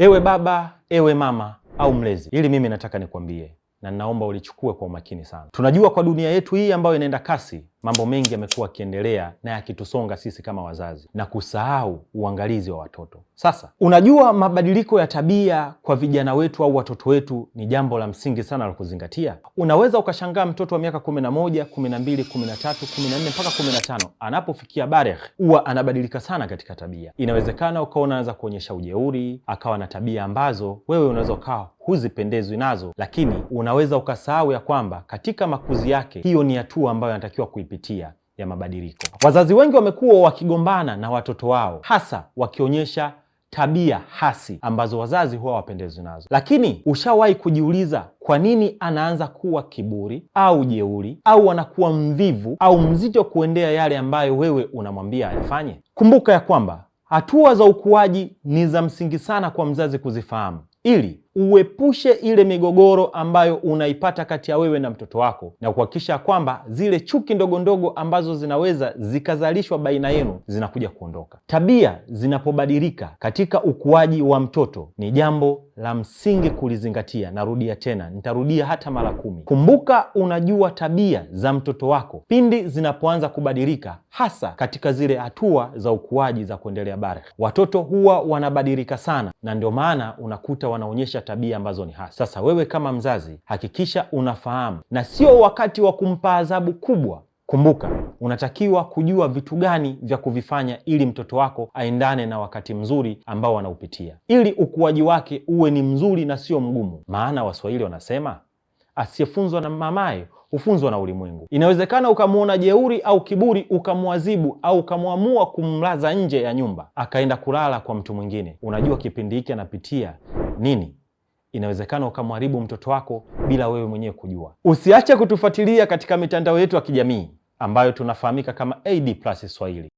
Ewe baba, ewe mama au mlezi, ili mimi nataka nikwambie na ninaomba ulichukue kwa umakini sana. Tunajua kwa dunia yetu hii ambayo inaenda kasi mambo mengi yamekuwa yakiendelea na yakitusonga sisi kama wazazi na kusahau uangalizi wa watoto. Sasa unajua, mabadiliko ya tabia kwa vijana wetu au watoto wetu ni jambo la msingi sana la kuzingatia. Unaweza ukashangaa mtoto wa miaka 11, 12, moja, mpaka 15 anapofikia bareh huwa anabadilika sana katika tabia. Inawezekana ukaona anaweza kuonyesha ujeuri, akawa na tabia ambazo wewe unaweza ukawa huzipendezwi nazo, lakini unaweza ukasahau ya kwamba katika makuzi yake hiyo ni hatua ambayo anatakiwa kui kuipitia ya mabadiliko. Wazazi wengi wamekuwa wakigombana na watoto wao, hasa wakionyesha tabia hasi ambazo wazazi huwa wapendezwi nazo. Lakini ushawahi kujiuliza kwa nini anaanza kuwa kiburi au jeuri au anakuwa mvivu au mzito kuendea yale ambayo wewe unamwambia ayafanye? Kumbuka ya kwamba hatua za ukuaji ni za msingi sana kwa mzazi kuzifahamu ili uepushe ile migogoro ambayo unaipata kati ya wewe na mtoto wako, na kuhakikisha kwamba zile chuki ndogo ndogo ambazo zinaweza zikazalishwa baina yenu zinakuja kuondoka. Tabia zinapobadilika katika ukuaji wa mtoto ni jambo la msingi kulizingatia. Narudia tena, nitarudia hata mara kumi. Kumbuka unajua tabia za mtoto wako pindi zinapoanza kubadilika, hasa katika zile hatua za ukuaji za kuendelea bare. Watoto huwa wanabadilika sana, na ndio maana unakuta wanaonyesha tabia ambazo ni hasi. Sasa wewe kama mzazi, hakikisha unafahamu na sio wakati wa kumpa adhabu kubwa. Kumbuka, unatakiwa kujua vitu gani vya kuvifanya ili mtoto wako aendane na wakati mzuri ambao anaupitia, ili ukuaji wake uwe ni mzuri na sio mgumu, maana Waswahili wanasema asiyefunzwa na mamaye hufunzwa na ulimwengu. Inawezekana ukamwona jeuri au kiburi, ukamwazibu au ukamwamua kumlaza nje ya nyumba akaenda kulala kwa mtu mwingine. Unajua kipindi hiki anapitia nini? inawezekana ukamharibu mtoto wako bila wewe mwenyewe kujua. Usiache kutufuatilia katika mitandao yetu ya kijamii ambayo tunafahamika kama AD+ Swahili.